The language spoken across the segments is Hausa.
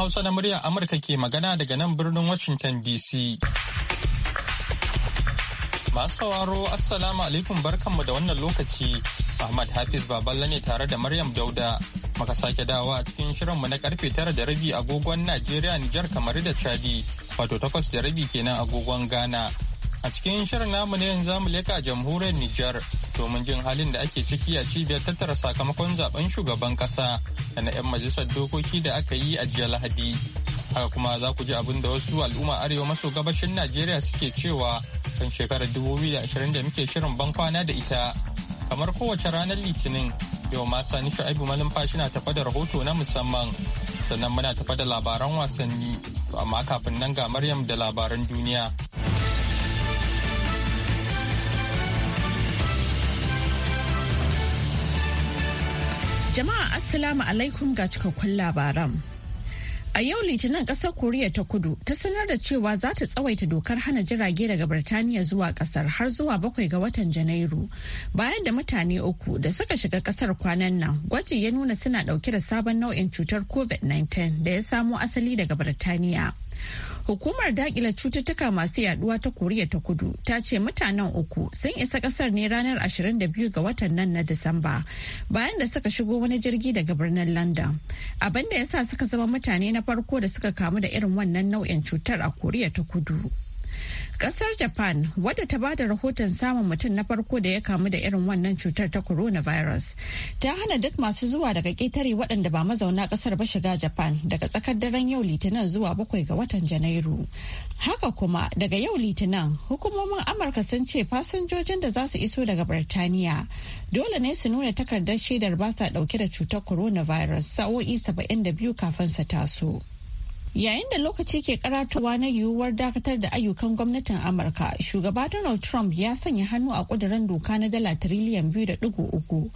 Hausa na muryar Amurka ke magana daga nan birnin Washington DC. Masu sauraro Assalamu alaikum barkanmu da wannan lokaci. Ahmad Hafiz Baballa ne tare da Maryam Dauda. Maka sake dawa a cikin shirinmu na karfe tara da rabi agogon Najeriya Nijar kamar da Chadi wato takwas da rabi kenan agogon Ghana. A cikin shirin namu ne yanzu mu leka jamhuriyar Nijar domin jin halin da ake ciki a cibiyar tattara sakamakon zaben shugaban kasa da na 'yan majalisar dokoki da aka yi a jiya lahadi haka kuma za ku ji abin da wasu al'umma arewa maso gabashin najeriya suke cewa kan shekarar 2020 da muke shirin ban kwana da ita kamar kowace ranar litinin yau ma sani shu'aibu malumfashi na tafa da rahoto na musamman sannan muna tafa da labaran wasanni amma kafin nan ga maryam da labaran duniya Jama'a Assalamu alaikum ga cikakkun labaran. A yau Litinin ƙasar Koriya ta kudu ta sanar da cewa za ta tsawaita dokar hana jirage daga Birtaniya zuwa ƙasar har zuwa bakwai ga watan Janairu. Bayan da mutane uku da suka shiga ƙasar kwanan nan gwaji ya nuna suna ɗauke da sabon nau'in cutar COVID-19 da ya samo asali daga Birtaniya. Hukumar dakila cututtuka masu yaduwa ta Koriya ta Kudu ta ce mutanen uku sun isa kasar ne ranar 22 ga watan nan na Disamba bayan da suka shigo wani jirgi daga birnin London. Abin da ya sa suka zama mutane na farko da suka kamu da irin wannan nau'in cutar a Koriya ta Kudu. Kasar Japan wadda ta bada rahoton samun mutum na farko da ya kamu da irin wannan cutar ta coronavirus ta hana duk masu zuwa daga ƙetare waɗanda ba mazauna ƙasar ba shiga Japan daga tsakar daren yau Litinin zuwa bakwai ga watan Janairu. Haka kuma daga yau Litinin hukumomin Amurka sun ce fasinjojin da za su iso daga Birtaniya dole ne su nuna takardar shaidar ba sa ɗauke da cutar coronavirus sa'o'i saba'in da biyu kafin su taso. Yayin da lokaci ke karatowa na yiwuwar dakatar da ayyukan gwamnatin Amurka, shugaba Donald Trump ya sanya hannu a kudirin doka na dala tiriliyan biyu da digo uku,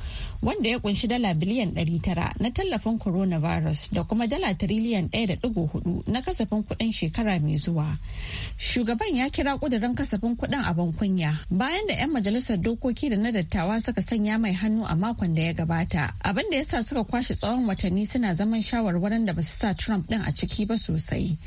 wanda ya kunshi dala biliyan ɗari tara na tallafin coronavirus da kuma dala tiriliyan ɗaya da digo hudu na kasafin kuɗin shekara mai zuwa. Shugaban ya kira kudirin kasafin kuɗin a kunya bayan da 'yan majalisar dokoki da na dattawa suka sanya mai hannu a makon da ya gabata, abin da ya sa suka kwashe tsawon watanni suna zaman shawarwarin da ba su sa Trump ɗin a ciki ba aí.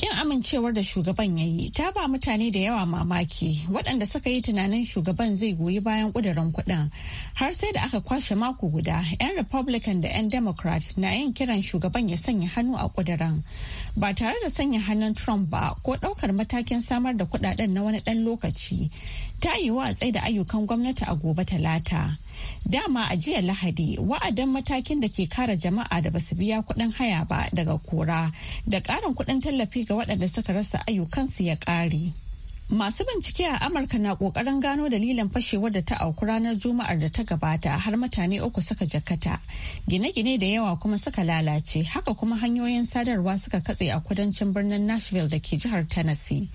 Kin amincewar da shugaban ya yi ta ba mutane da yawa mamaki waɗanda suka yi tunanin shugaban zai goyi bayan ƙudurin kuɗin har sai da aka kwashe mako guda 'yan Republican da 'yan Democrat na yin kiran shugaban ya sanya hannu a ƙudurin ba tare da sanya hannun Trump ba ko ɗaukar matakin samar da kuɗaɗen na wani ɗan lokaci ta yi wa tsaye da ayyukan gwamnati a gobe talata. Dama a jiya Lahadi wa'adin matakin da ke kare jama'a da basu biya kuɗin haya ba daga kora da ƙarin kuɗin tallafi ga waɗanda suka rasa ayyukansu ya ƙare. Masu bincike a Amurka na ƙoƙarin gano dalilin fashewar da ta auku ranar Juma'ar da ta gabata har mutane uku suka jakata. Gine-gine da yawa kuma suka lalace, haka kuma hanyoyin sadarwa suka katse a kudancin birnin Nashville da ke jihar Tennessee.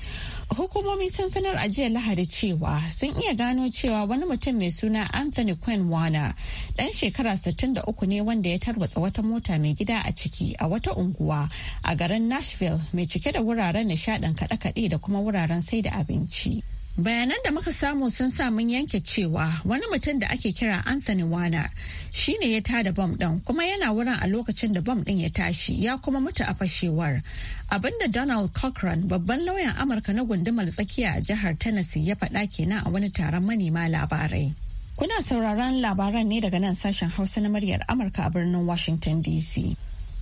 Hukumomin sun sanar a jiya Lahadi cewa sun iya gano cewa wani mutum mai suna Anthony Quinn Wana ɗan shekara 63 ne wanda ya tarwatsa wata mota mai gida a ciki a wata unguwa a garin Nashville mai cike da wuraren nishaɗin kaɗe-kaɗe da kuma wuraren sai da abinci. bayanan da muka samu sun sa mun yanke cewa wani mutum da ake kira anthony wana shine ya tada bom din kuma yana wurin a lokacin da bom din ya tashi ya kuma mutu a fashewar abinda donald cochran babban lauyan amurka na gundumar tsakiya a jihar tennessee ya faɗa kenan a wani taron manema labarai kuna sauraron labaran ne daga nan sashen hausa na muryar amurka a birnin washington dc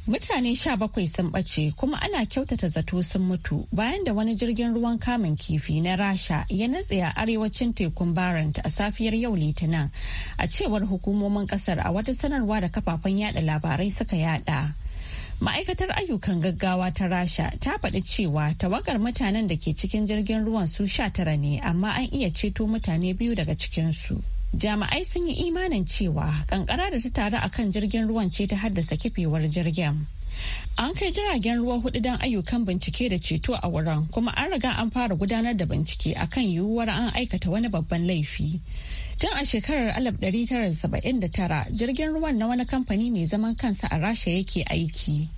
Mutane sha bakwai sun ɓace kuma ana kyautata zato sun mutu bayan da wani jirgin ruwan kamun kifi na Rasha ya natse a arewacin tekun Barent a safiyar yau Litinin a cewar hukumomin kasar a wata sanarwa da kafafen yada labarai suka yada. ma'aikatar ayyukan gaggawa ta rasha ta faɗi cewa tawagar mutanen da ke cikin jirgin ruwan su sha tara ne amma an iya ceto mutane biyu daga cikinsu. jami'ai sun yi imanin cewa kankara da ta taru a kan jirgin ruwan ce ta haddasa kifewar jirgin an kai jiragen ruwa hudu don ayyukan bincike da ceto a wurin kuma an riga an fara gudanar da bincike akan yiwuwar an aikata wani babban laifi tun a shekarar 1979 jirgin ruwan na wani kamfani mai zaman kansa a rasha yake aiki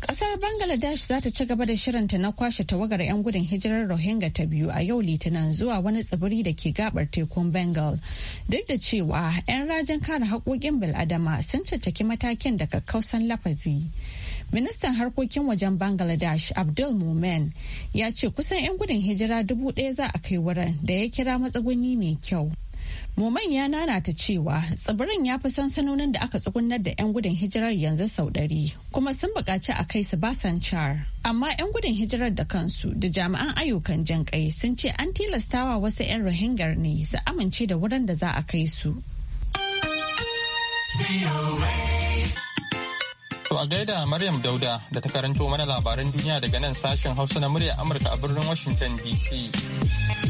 Kasar Bangladesh za ta ci gaba da shirinta na kwashe tawagar 'yan gudun hijirar Rohingya ta biyu a yau Litinin zuwa wani tsibiri da ke gabar tekun Bengal. Duk da cewa 'yan rajin kare haƙoƙin bil'adama sun caccaki matakin da kakkausan lafazi. Ministan harkokin wajen Bangladesh Abdul Mumen ya ce kusan 'yan gudun hijira dubu ɗaya za a kai wurin da ya kira matsuguni mai kyau. Moman ya ta cewa tsibirin ya fi sansanonin da aka tsugunar da 'yan gudun hijirar yanzu sau ɗari kuma sun buƙaci a kai su basan char Amma 'yan gudun hijirar da kansu da jami'an ayyukan jan kai sun ce an tilastawa wasu 'yan Rohingyar ne su amince da wurin da za a kai su. To a gaida Maryam Dauda da ta karanto mana labaran duniya daga nan sashen Hausa na murya Amurka a birnin Washington DC.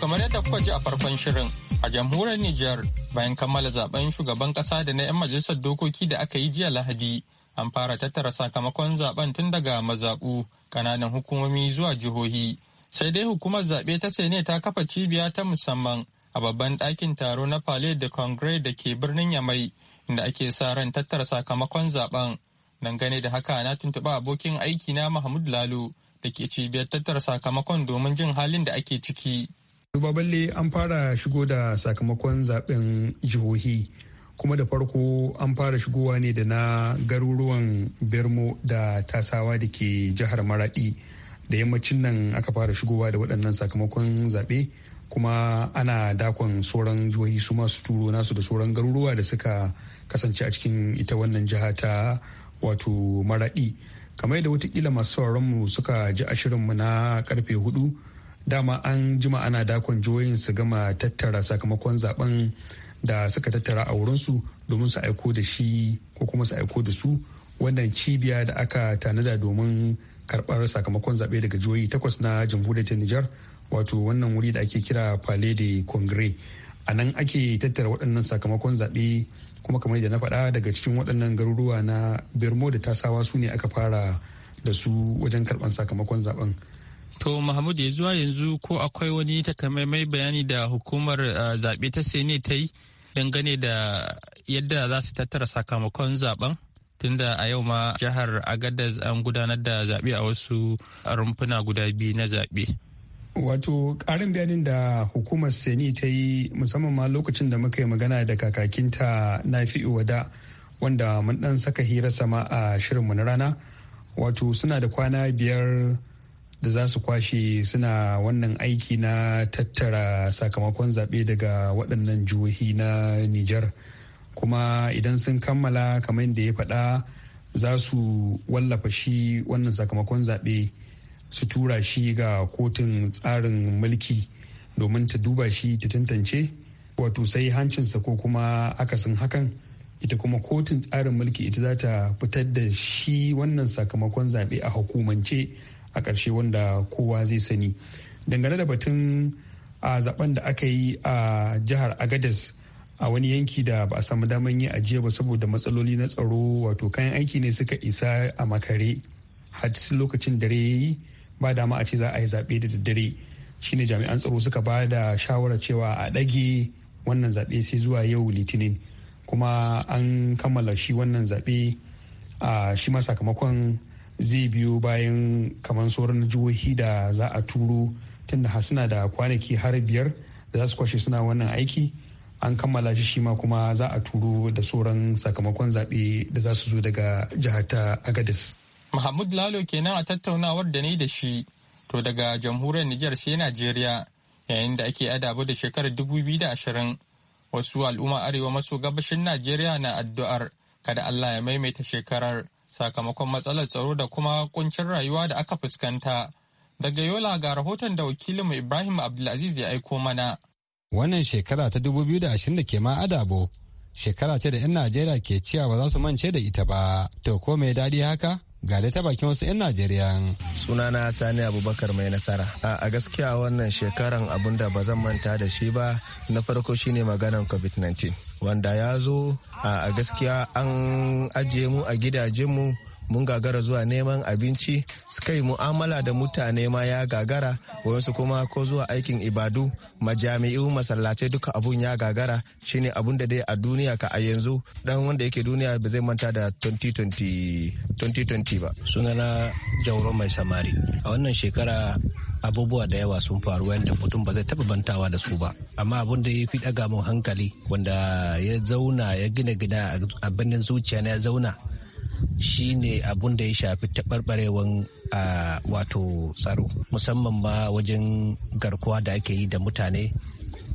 kamar yadda kuka ji a farkon shirin a jamhuriyar Nijar bayan kammala zaben shugaban kasa da na 'yan majalisar dokoki da aka yi jiya Lahadi an fara tattara sakamakon zaben tun daga mazaɓu kananan hukumomi zuwa jihohi sai dai hukumar zaɓe ta sene ta kafa cibiya ta musamman a babban ɗakin taro na Palais de Congrès da ke birnin Yamai inda ake sa ran tattara sakamakon zaben dangane da haka na tuntuɓa abokin aiki na Mahmud Lalo da ke cibiyar tattara sakamakon domin jin halin da ake ciki. Duba balle an fara shigo da sakamakon zaben jihohi kuma da farko an fara shigowa ne da na garuruwan Bermo da tasawa da ke jihar Maradi da yammacin nan aka fara shigowa da waɗannan sakamakon zaɓe kuma ana dakon sauran jihohi su masu turo nasu da sauran garuruwa da suka kasance a cikin ita wannan jiha ta wato Maradi. kamar da watakila masu sauranmu suka ji ashirinmu na karfe hudu dama an jima ana dakon jihohin su gama tattara sakamakon zaben da suka tattara a wurinsu domin su aiko da shi ko kuma su aiko da su wannan cibiya da aka tanada domin karbar sakamakon zaɓe daga jihohi takwas na jamhuriyar Nijar wato wannan wuri da ake kira Palais de congre a nan ake tattara waɗannan sakamakon zaɓe kuma kamar da na faɗa daga cikin waɗannan garuruwa na Birmo da Tasawa su ne aka fara da su wajen karɓar sakamakon zaɓen. To Mahmud ya zuwa yanzu ko akwai wani takamaimai bayani da hukumar uh, zaɓe ta ne ta yi dangane da yadda za su tattara sakamakon zaben? Tunda a yau ma jihar Agadez an gudanar da zaɓe a wasu rumfuna guda biyu na zaɓe. Wato ƙarin bayanin da hukumar Sene ta yi musamman ma lokacin da muka yi magana da kakakinta na wada wanda mun ɗan saka hirar sama a shirin mu na rana. Wato suna da kwana biyar da za su kwashe suna wannan aiki na tattara sakamakon zaɓe daga waɗannan jihohi na Nijar. Kuma idan sun kammala kamar yadda ya faɗa za su wallafa shi wannan sakamakon zaɓe su tura shi ga kotun tsarin mulki domin ta duba shi ta tantance wato sai hancinsa ko kuma akasin hakan ita kuma kotun tsarin mulki ita za ta fitar da shi wannan sakamakon zaɓe a hukumance a ƙarshe wanda kowa zai sani dangane da batun a zaben da aka yi a jihar agadez a wani yanki da ba a samu daman yi ajiya ba saboda matsaloli na tsaro wato kayan aiki ne suka isa a makare har lokacin dare ya yi ba dama a ce za a yi zaɓe da daddare shine jami'an tsaro suka ba da shawarar cewa a ɗage wannan zaɓe sai zuwa yau litinin kuma an kammala shi wannan zaɓe a shi ma sakamakon zai biyo bayan kamar sauran jihohi da za a turo tunda hasina da kwanaki har biyar da za su kwashe suna wannan aiki an kammala shi shi ma kuma za a turo da sauran sakamakon zaɓe da za su zo daga jihar ta agadis mahmud lalo kenan a tattaunawar da ni da shi to daga jamhuriyar niger sai najeriya yayin da ake adabu da shekarar dubu biyu da ashirin wasu al'umma arewa maso gabashin najeriya na addu'ar kada allah ya maimaita shekarar sakamakon matsalar tsaro da kuma kuncin rayuwa da aka fuskanta. Daga Yola ga rahoton da wakilinmu Ibrahim Abdulaziz ya aiko mana. Wannan shekara ta dubu biyu da ke ma adabo, shekara ce da 'yan Najeriya ke cewa ba za su mance da ita ba, to ko mai daɗi haka? ga ta bakin wasu 'yan Najeriya. Sunana Sani Abubakar mai nasara. A gaskiya wannan shekaran abun da ba zan manta da shi ba na farko shine maganan COVID-19 wanda ya zo a gaskiya an ajiye mu a gidajenmu mun gagara zuwa neman abinci su kai mu'amala da mutane ma ya gagara wayansu kuma ko zuwa aikin ibadu majami'u masallatai duka abun ya gagara shine abun da dai a duniya ka a yanzu dan wanda yake duniya ba zai manta da 2020 2020 ba sunana jauro mai samari a wannan shekara abubuwa da yawa sun faru wanda mutum ba zai taba bantawa da su ba amma abun da ya fi daga mu hankali wanda ya zauna ya gina gina a birnin zuciya na ya zauna shine abun da ya shafi taɓarɓarewan wato tsaro musamman ma wajen garkuwa da ake yi da mutane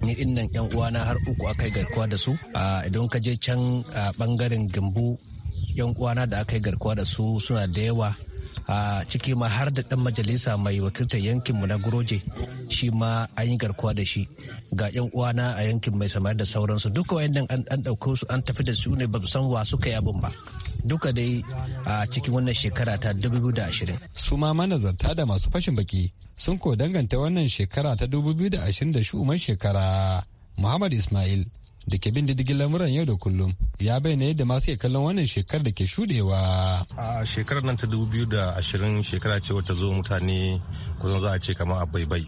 ni din nan yan uwana har uku aka yi garkuwa da su idan ka je can bangaren gimbu yan uwana da aka yi garkuwa da su suna da yawa a ciki ma har da dan majalisa mai wakiltar yankin mu na guroje shi ma an yi garkuwa da shi ga yan uwana a yankin mai samar da sauransu duka wayannan an dauko su an tafi da su ne ba san wa suka yi abin ba duka dai a cikin wannan shekara ta 2020. Su ma manazarta da masu fashin baki sun ko danganta wannan shekara ta 2020 da shugaban shekara Muhammad Ismail da ke bin diddigin lamuran yau da kullum ya bayyana yadda masu ke kallon wannan shekarar da ke shudewa. a shekarar nan ta 2020 shekara ce wata zo mutane kusan za a ce kama a baibai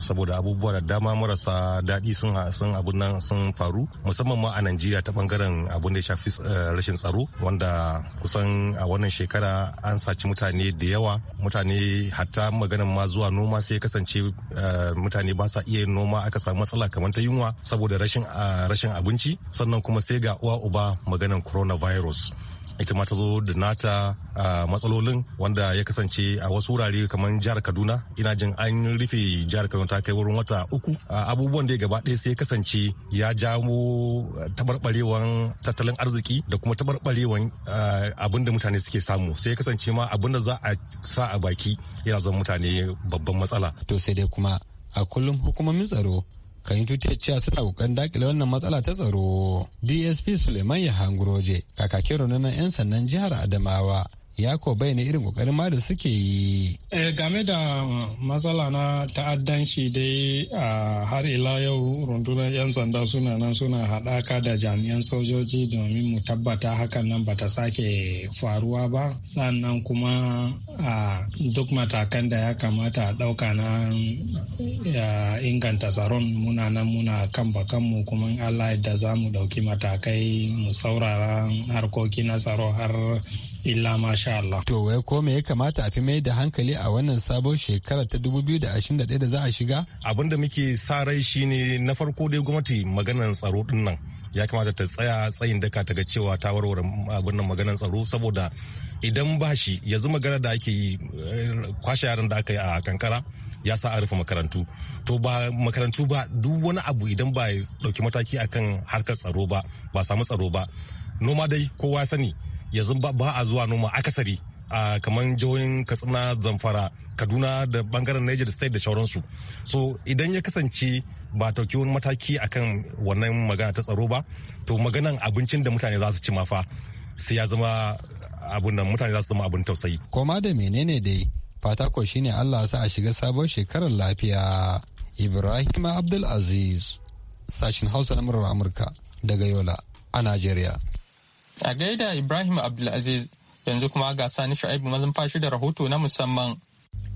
saboda abubuwa da dama marasa daɗi sun sun abun nan sun faru musamman ma a Najeriya ta bangaren abun da ya shafi eh, rashin tsaro wanda kusan a wannan shekara an saci mutane da yawa mutane hatta maganan ma zuwa noma sai kasance eh, mutane ba sa iya noma aka samu matsala kamar ta yunwa saboda rashin eh, rashin abinci sannan kuma sai ga uwa uba maganan coronavirus ita ma ta zo da nata matsalolin wanda ya kasance a wasu wurare kamar jihar kaduna ina jin an rufe jihar kaduna ta kai wurin wata uku abubuwan da gaba ɗaya sai kasance ya jawo tabarbarewan tattalin arziki da kuma tabarbarewan abin da mutane suke samu sai kasance ma abin da za a sa a baki yana zama mutane babban matsala to sai dai kuma a kullum hukumomin tsaro kan yi cewa suna kokarin dakile wannan matsala ta tsaro dsp suleiman yahanguroje kakakin na 'yan sannan jihar adamawa ya ko bayyana irin kokarin ma da suke yi. Eh, game da matsala na ta'addanci dai a har ila yau rundunar 'yan sanda suna nan suna haɗaka da jami'an sojoji domin mu tabbata hakan nan bata sake faruwa ba sannan kuma a duk matakan da ya kamata a ɗauka na inganta tsaron muna nan muna kan bakanmu kuma Allah da za mu ɗauki matakai mu saurara harkoki na tsaro har illa masha Allah. To wai ko me ya kamata a fi mai da hankali a wannan sabon shekara ta 2021 da za a shiga? Abin da muke sa rai shine na farko dai gwamnati maganar tsaro din nan ya kamata ta tsaya tsayin daka ta ga cewa ta warware abin nan maganar tsaro saboda idan ba shi yanzu magana da ake yi eh, kwashe yaran da aka yi a kankara ya sa a rufe makarantu to ba makarantu ba duk wani abu idan ba ya dauki mataki akan harkar tsaro ba ba samu tsaro ba noma dai kowa sani yanzu ba a zuwa noma akasari a kamar jihohin katsina zamfara kaduna da bangaren niger state da shauransu so idan ya kasance ba tauki wani mataki akan wannan magana ta tsaro ba to maganan abincin da mutane za su ci mafa sai ya zama abun nan mutane za su zama abun tausayi koma da menene dai fata ko shine allah sa a shiga sabon shekarar lafiya ibrahim abdulaziz sashin hausa na murar amurka daga yola a najeriya A gaida Ibrahim Abdulaziz yanzu kuma ga sani Shu'aibu fashi da rahoto na musamman.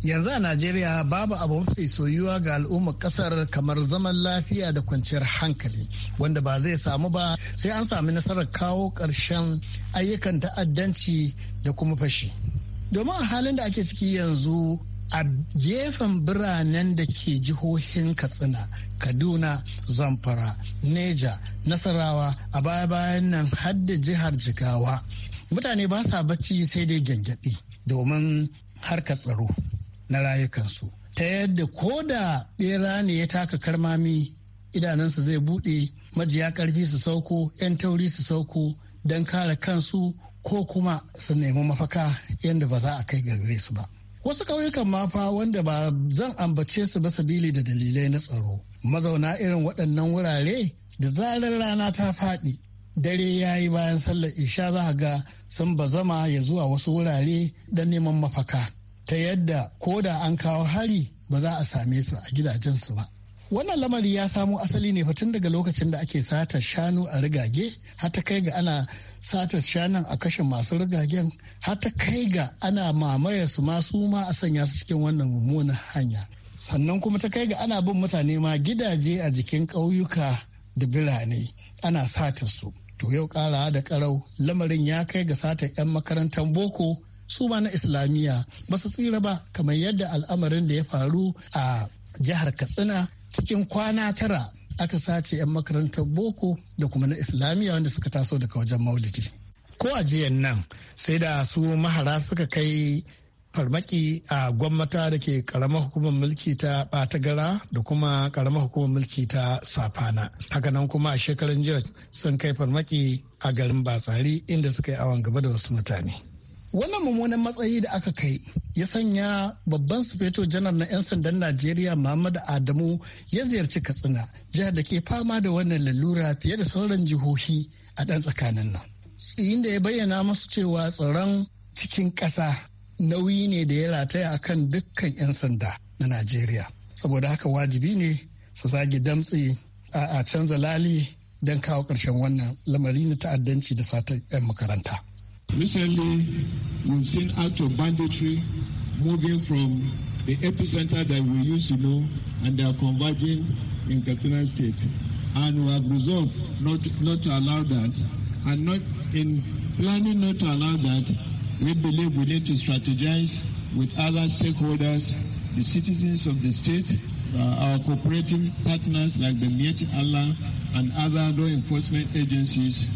Yanzu a Najeriya babu abu mafi soyuwa ga al'ummar kasar kamar zaman lafiya da kwanciyar hankali wanda ba zai samu ba sai an sami nasarar kawo ƙarshen ayyukan ta'addanci da kuma fashi. Domin a halin da ake ciki yanzu a gefen biranen da ke jihohin katsina kaduna zamfara neja nasarawa a baya-bayan nan hadda jihar jigawa mutane ba sa bacci sai dai gyangyaɗi domin harka tsaro na rayukansu ta yadda ko da ɓera ne ya taka karmami idanunsu zai buɗe majiya ƙarfi su sauko 'yan tauri su sauko don kare kansu ko kuma su nemi mafaka yadda ba za a kai gare su ba Wasu ƙauyukan mafa wanda ba zan ambace su ba sabili da dalilai na tsaro. Mazauna irin waɗannan wurare da zarar rana ta faɗi dare ya yi bayan sallar isha za ga sun bazama ya zuwa wasu wurare don neman mafaka ta yadda ko da an kawo hari ba za a same su a gidajensu ba. Wannan lamari ya samo asali ne tun daga lokacin da ake sata shanu a rigage har ta kai ga ana sata shanun a kashe masu rigagen har ta kai ga ana mamaya su ma su ma a sanya su cikin wannan mummunan hanya sannan kuma ta kai ga ana bin mutane ma gidaje a jikin ƙauyuka da birane ana sata su to yau ƙara da karau lamarin ya kai ga sata 'yan makarantar boko su ma na islamiyya ba su tsira ba kamar yadda al'amarin da ya faru a jihar katsina cikin kwana tara aka sace 'yan makarantar boko da kuma na islamiyya wanda suka taso daga wajen maulidi ko a jiyan nan sai da su mahara suka kai farmaki a gwamnata da ke karamar hukumar mulki ta batagara da kuma karamar hukumar mulki ta safana hakanan kuma a shekarun jiya sun kai farmaki a garin batsari inda suka yi awon gaba da wasu mutane wannan mummunan matsayi da aka kai ya sanya babban sufeto janar na 'yan sandan najeriya muhammadu adamu ya ziyarci katsina jihar da ke fama da wannan lalura fiye da sauran jihohi a ɗan tsakanin nan da ya bayyana masu cewa tsaron cikin ƙasa nauyi ne da ya rataya a kan dukkan 'yan sanda na najeriya saboda haka wajibi ne su zage damtsi a canza lali don kawo ƙarshen wannan lamari na ta'addanci da satar 'yan makaranta. Recently, we've seen acts of banditry moving from the epicenter that we used to know, and they are converging in Katsina State. And we have resolved not, not to allow that. And not in planning not to allow that, we believe we need to strategize with other stakeholders, the citizens of the state, uh, our cooperating partners like the Miet Allah and other law enforcement agencies.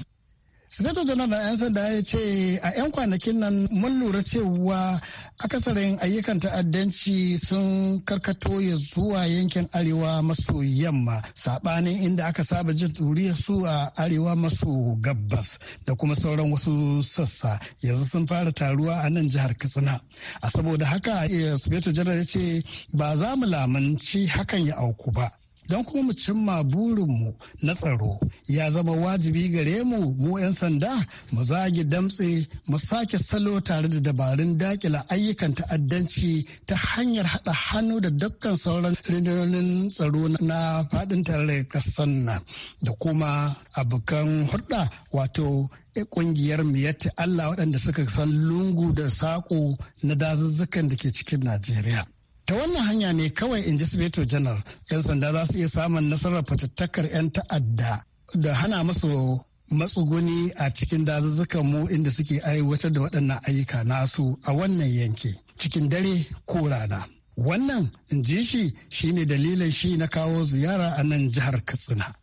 sakato janar na 'yan sanda ya ce a 'yan kwanakin nan mun lura cewa akasarin ayyukan ta'addanci sun karkato ya zuwa yankin arewa maso yamma saɓanin inda aka saba jin duriyar su a arewa maso gabas da kuma sauran wasu sassa yanzu sun fara taruwa a nan jihar katsina a saboda haka eh, sakato janar ya ce ba za mu lamunci hakan ya auku ba don kuma mu cimma burinmu na tsaro ya zama wajibi gare mu mu 'yan sanda mu zagi damtse mu sake salo tare da dabarun dakila ayyukan ta'addanci ta hanyar haɗa hannu da dukkan sauran rundunonin tsaro na faɗin tare kasan nan da kuma abokan hulɗa wato kungiyar miyatti Allah waɗanda suka san lungu da saƙo na dazuzzukan da ke cikin Najeriya. ta wannan hanya ne kawai in ji janar yan sanda za su iya samun nasarar fatattakar 'yan ta'adda da hana masu matsuguni a cikin dazuzzukan mu inda suke aiwatar da waɗannan ayyuka nasu a wannan yanki cikin dare ko rana wannan in ji shi shine dalilin shi na kawo ziyara a nan jihar katsina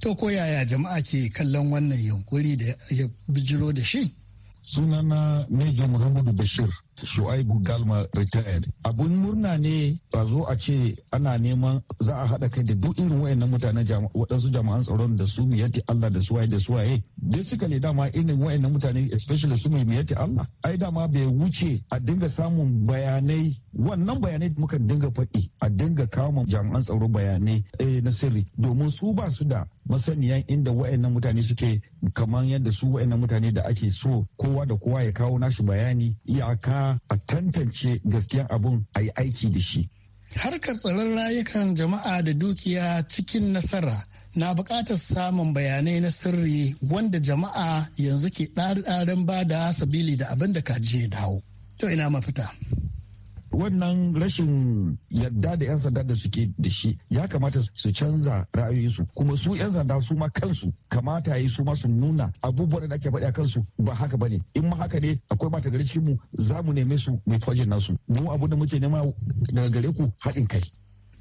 to ko yaya jama'a ke kallon wannan yunkuri da ya bijiro da shi sunana ne jamhuriyar bashir Shu'aibu Galma retired. Abun murna ne a zo a ce ana neman za a haɗa kai da duk irin wayannan mutanen waɗansu jama'an tsaron da su miyati Allah da suwaye da suwaye. Basically dama irin wayannan mutane especially su mai miyati Allah. Ai dama bai wuce a dinga samun bayanai wannan bayanai da muka dinga faɗi a dinga kama jami'an tsaro bayanai eh, na sirri domin su ba su da masaniyan inda wayannan mutane suke kamar yadda su wayannan mutane da ake so kowa da kowa ya kawo nashi bayani iyaka a tantance gaskiyan abun a yi aiki da shi. Harkar tsaron rayukan jama'a da dukiya cikin nasara na buƙatar samun bayanai na sirri wanda jama'a yanzu ke ɗari ɗarin ba da sabili da abin da kaji ya dawo. To ina mafita. wannan rashin yadda da 'yan sanda da suke da shi ya kamata su canza ra'ayoyinsu kuma su 'yan sanda su ma kansu kamata yi su ma su nuna abubuwan da ake faɗi a kansu ba haka bane in ma haka ne akwai mata gari cikin mu za mu neme su mu fajin nasu mu abu da muke nema daga gare ku haɗin kai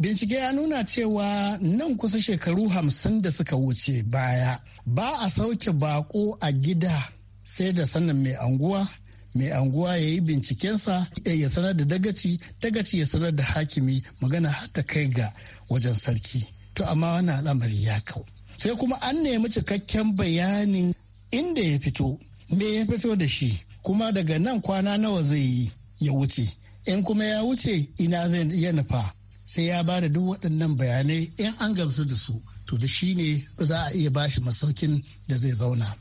Bincike ya nuna cewa nan kusa shekaru hamsin da suka wuce baya ba a sauke bako a gida sai da sanin mai anguwa mai anguwa ya yi bincikensa eh, ya sanar da dagaci dagaci ya sanar da hakimi magana har ta kai ga wajen sarki to amma wannan al'amari ya kau sai kuma an nemi cikakken bayanin inda ya fito me ya fito da shi kuma daga nan kwana nawa zai yi ya wuce in kuma ya wuce ina zai ya nufa sai ya ba da duk waɗannan bayanai in an gamsu da su to da shi ne za a iya bashi masaukin da zai zauna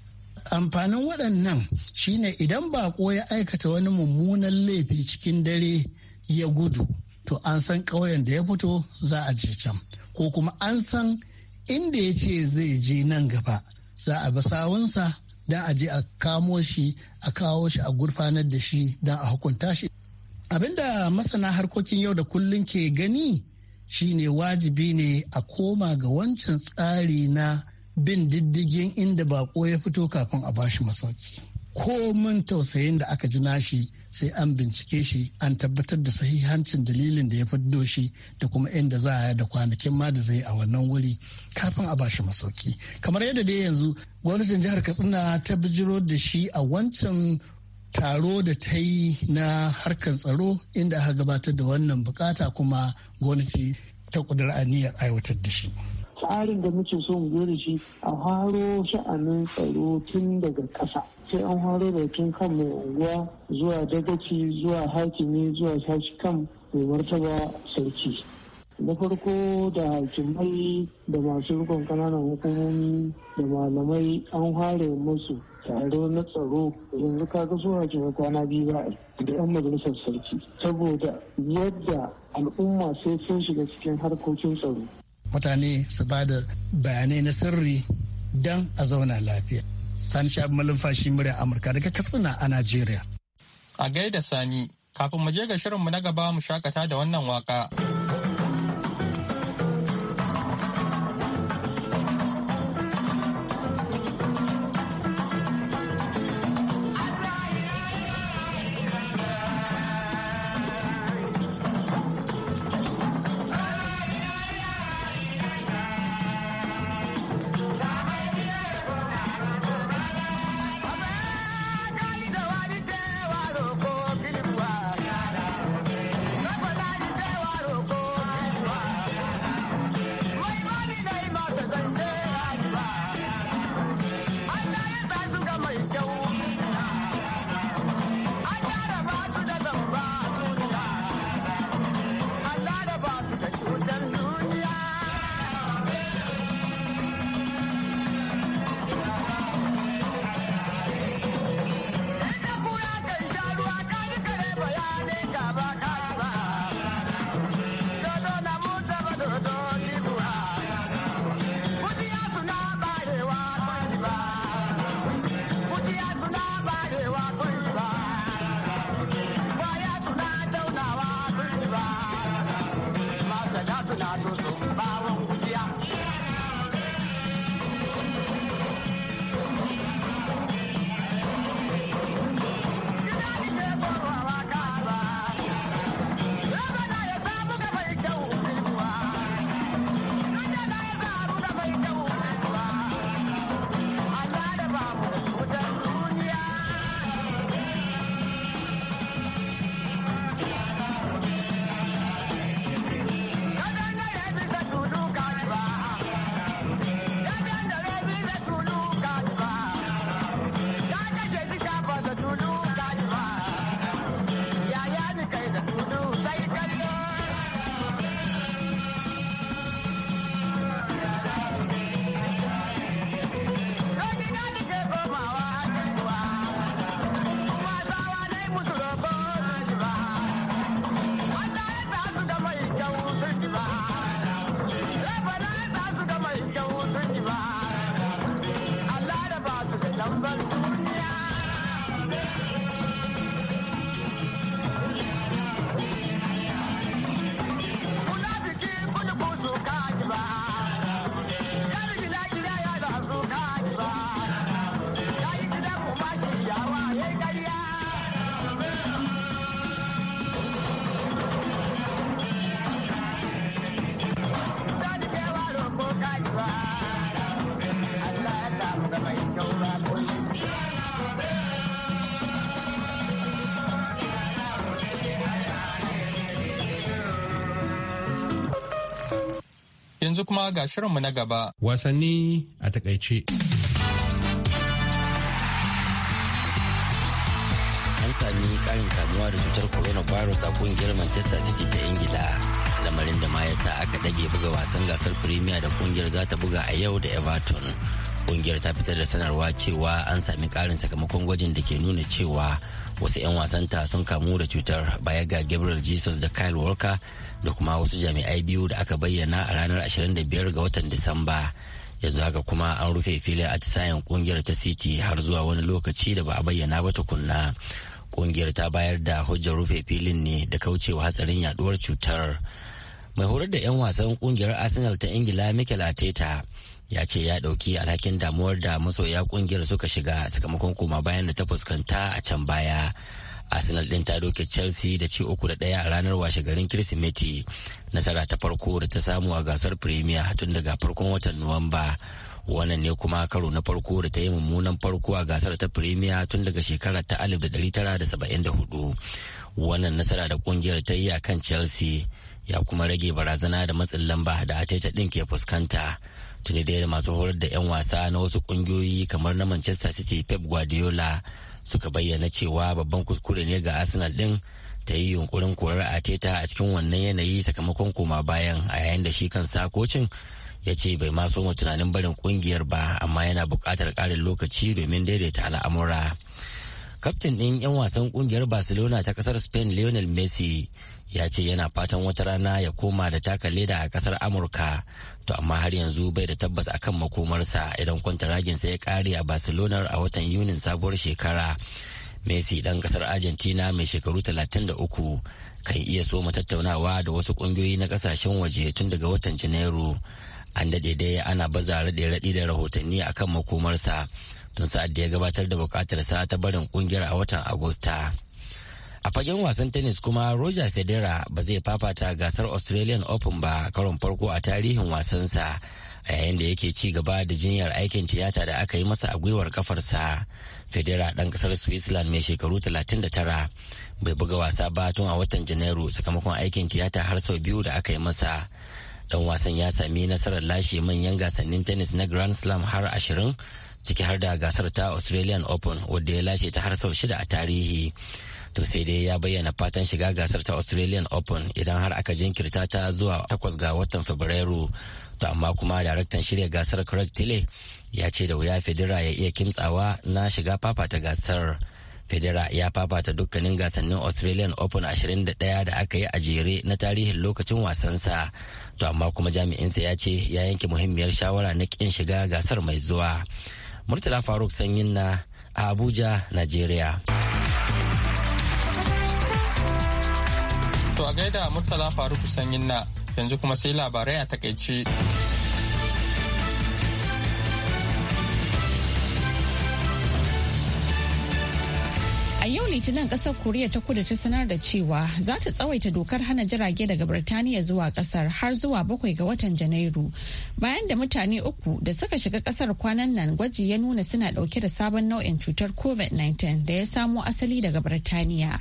amfanin waɗannan shine idan baƙo ya aikata wani mummunan laifi cikin dare ya gudu to an san ƙauyen da ya fito za a je can ko kuma an san inda ya ce zai je nan gaba za a bi sawunsa don a je a kamo shi a kawo shi a gurfanar da shi don a hukunta shi abinda masana harkokin yau da kullun ke gani shine wajibi ne a koma ga wancan tsari na bin diddigin inda bako ya fito kafin a bashi masauki Ko mun tausayin da aka ji nashi sai an bincike shi an tabbatar da sahihancin dalilin da ya fiddo shi da kuma inda za a da kwanakin ma da zai a wannan wuri kafin a bashi masauki kamar yadda dai yanzu gwamnatin jihar katsina ta bijiro da shi a wancan taro da ta yi na harkar tsaro inda aka gabatar da wannan bukata kuma gwamnati ta aniyar aiwatar da shi. tsarin da muke so mu zo da shi a haro sha'anin tsaro tun daga ƙasa sai an haro da tun kan mai unguwa zuwa dagaci zuwa hakimi zuwa sashi kan mai martaba sarki na farko da hakimai da masu rikon kananan hukumomi da malamai an hare musu taro na tsaro yanzu kaga suna hakimai kwana biyu ba da yan majalisar sarki saboda yadda al'umma sai sun shiga cikin harkokin tsaro mutane su ba da bayanai na sirri don a zauna lafiya sani shabi malumfashi murya amurka daga katsina a najeriya a gaida sani kafin mu je ga shirinmu na gaba mu shakata da wannan waka. yanzu kuma ga shirinmu na gaba. Wasanni a takaice. An sami ƙarin kamuwa da cutar Corona virus a ƙungiyar Manchester City ta Ingila. Lamarin da ma ya sa aka ɗage buga wasan gasar Premier da ƙungiyar za ta buga a yau da Everton. kungiyar ta fitar da sanarwa cewa an sami karin sakamakon gwajin da ke nuna cewa wasu 'yan wasanta sun kamu da cutar baya ga gabriel jesus da kyle walker da kuma wasu jami'ai biyu da aka bayyana a ranar 25 ga watan disamba yanzu haka kuma an rufe filin atisayen kungiyar ta city har zuwa wani lokaci da ba a bayyana ba tukunna kungiyar ta bayar da hujjar rufe filin ne da kaucewa hatsarin yaduwar cutar mai horar da 'yan wasan kungiyar arsenal ta ingila mikel arteta ya ce ya ɗauki alhakin damuwar da masoya kungiyar suka shiga sakamakon koma bayan da ta fuskanta a can baya arsenal ɗin ta doke chelsea da ci uku da ɗaya a ranar washe garin kirsimeti nasara ta farko da ta samu a gasar premier tun daga farkon watan nuwamba wannan ne kuma karo na farko da ta yi mummunan farko a gasar ta premier tun daga shekara ta 1974 wannan nasara da kungiyar ta yi a kan chelsea ya kuma rage barazana da matsin lamba da ateta ɗin ke fuskanta tuni da masu horar da 'yan wasa na wasu kungiyoyi kamar na manchester city pep guardiola suka bayyana cewa babban kuskure ne ga arsenal din ta yi yunkurin korar ateta a cikin wannan yanayi sakamakon koma bayan a yayin da shi kansa kocin ya ce bai ma so tunanin barin kungiyar ba amma yana buƙatar ƙarin lokaci domin daidaita al'amura kaftin ɗin 'yan wasan kungiyar barcelona ta ƙasar spain lionel messi ya ce yana fatan wata rana ya koma da taka leda a kasar amurka to amma har yanzu bai da tabbas akan makomarsa idan kwantaraginsa ya kare a barcelona a watan yunin sabuwar shekara messi dan kasar argentina mai shekaru 33 kan iya so tattaunawa da wasu kungiyoyi na kasashen waje tun daga watan janairu an daɗe dai ana baza raɗe-raɗi da rahotanni akan makomarsa tun sa'ad da ya gabatar da sa ta barin kungiyar a watan agusta. A fagen wasan tennis kuma Roger Federer ba zai fafata gasar Australian Open ba karon farko a tarihin wasansa a yayin da yake ci gaba da jinyar aikin tiyata da aka yi masa a gwiwar kafarsa. Federer ɗan ƙasar Switzerland mai shekaru 39 bai buga wasa ba tun a watan Janairu sakamakon aikin tiyata har sau biyu da aka yi masa. Dan wasan ya sami nasarar lashe manyan gasannin tennis na Grand Slam har ashirin ciki har da gasar ta Australian Open wadda ya lashe ta har sau shida a tarihi. to sai dai ya bayyana fatan shiga gasar ta australian open idan har aka jinkirta ta zuwa takwas ga watan fabrairu to amma kuma daraktan shirya gasar craig tile ya ce da wuya federa ya iya kimtsawa na shiga fafata gasar federa ya fafata dukkanin gasannin australian open 21 da aka yi a jere na tarihin lokacin wasansa to amma kuma jami'insa ya ce ya yanke muhimmiyar shawara na kin shiga gasar mai zuwa murtala faruk sanyin na abuja nigeria a gaida Murtala Faruku Sanyin na yanzu kuma sai labarai a takaice. A yau Litinin kasar Koriya ta kudu ta sanar da cewa za ta tsawaita dokar hana jirage daga Birtaniya zuwa kasar har zuwa bakwai ga watan Janairu. Bayan da mutane uku da suka shiga kasar kwanan nan gwaji ya nuna suna dauke da sabon nau'in cutar COVID-19 da ya samo asali daga Birtaniya.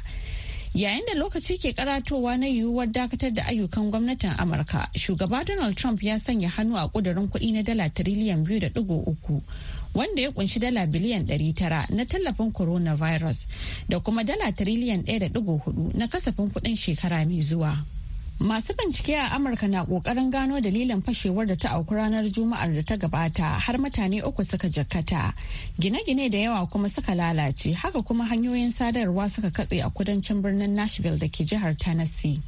yayin da lokaci ke karatowa na yiwuwar dakatar da ayyukan gwamnatin amurka shugaba donald trump ya sanya hannu a kudurin kuɗi na dala tiriliyan biyu da digo uku wanda ya kunshi dala biliyan ɗari tara na tallafin coronavirus da kuma dala tiriliyan ɗaya da digo hudu na kasafin kuɗin shekara mai zuwa. Masu bincike a Amurka na ƙoƙarin gano dalilin fashewar da ta auku ranar Juma'ar da ta gabata har mutane uku suka jakkata. Gine-gine da yawa kuma suka lalace, haka kuma hanyoyin sadarwa suka katse a kudancin birnin Nashville da ke jihar Tennessee.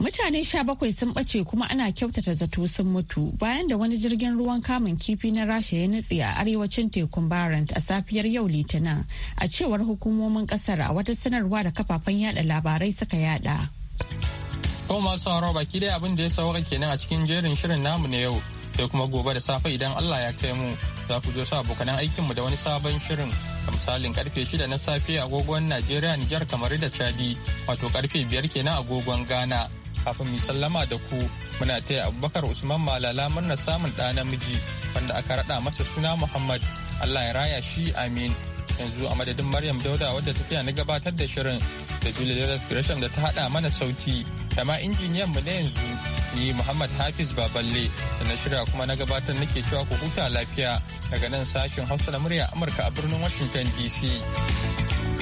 Mutane sha bakwai sun ɓace kuma ana kyautata zato sun mutu bayan da wani jirgin ruwan kamun kifi na rasha ya nutse a arewacin tekun Barent a safiyar yau Litinin a cewar hukumomin kasar a wata sanarwa da kafafen yada labarai suka yada. Kuma masu sauraro baki dai abin da ya sauka kenan a cikin jerin shirin namu na yau. Sai kuma gobe da safe idan Allah ya kai mu za ku zo sa abokanan aikinmu da wani sabon shirin a misalin karfe shida na safe agogon Najeriya Nijar kamar da Chadi wato karfe biyar kenan agogon Ghana. Kafin mu sallama da ku muna taya Abubakar Usman Malala murna samun ɗa namiji wanda aka raɗa masa suna Muhammad Allah ya raya shi amin. yanzu a madadin Maryam Dauda wadda tafiya na gabatar da shirin da Julia Gresham da ta hada mana sauti da injiniyan mu na yanzu ni Muhammad Hafiz Baballe da na shirya kuma na gabatar nake cewa ku huta lafiya daga nan sashen Hausa na murya Amurka a birnin Washington DC.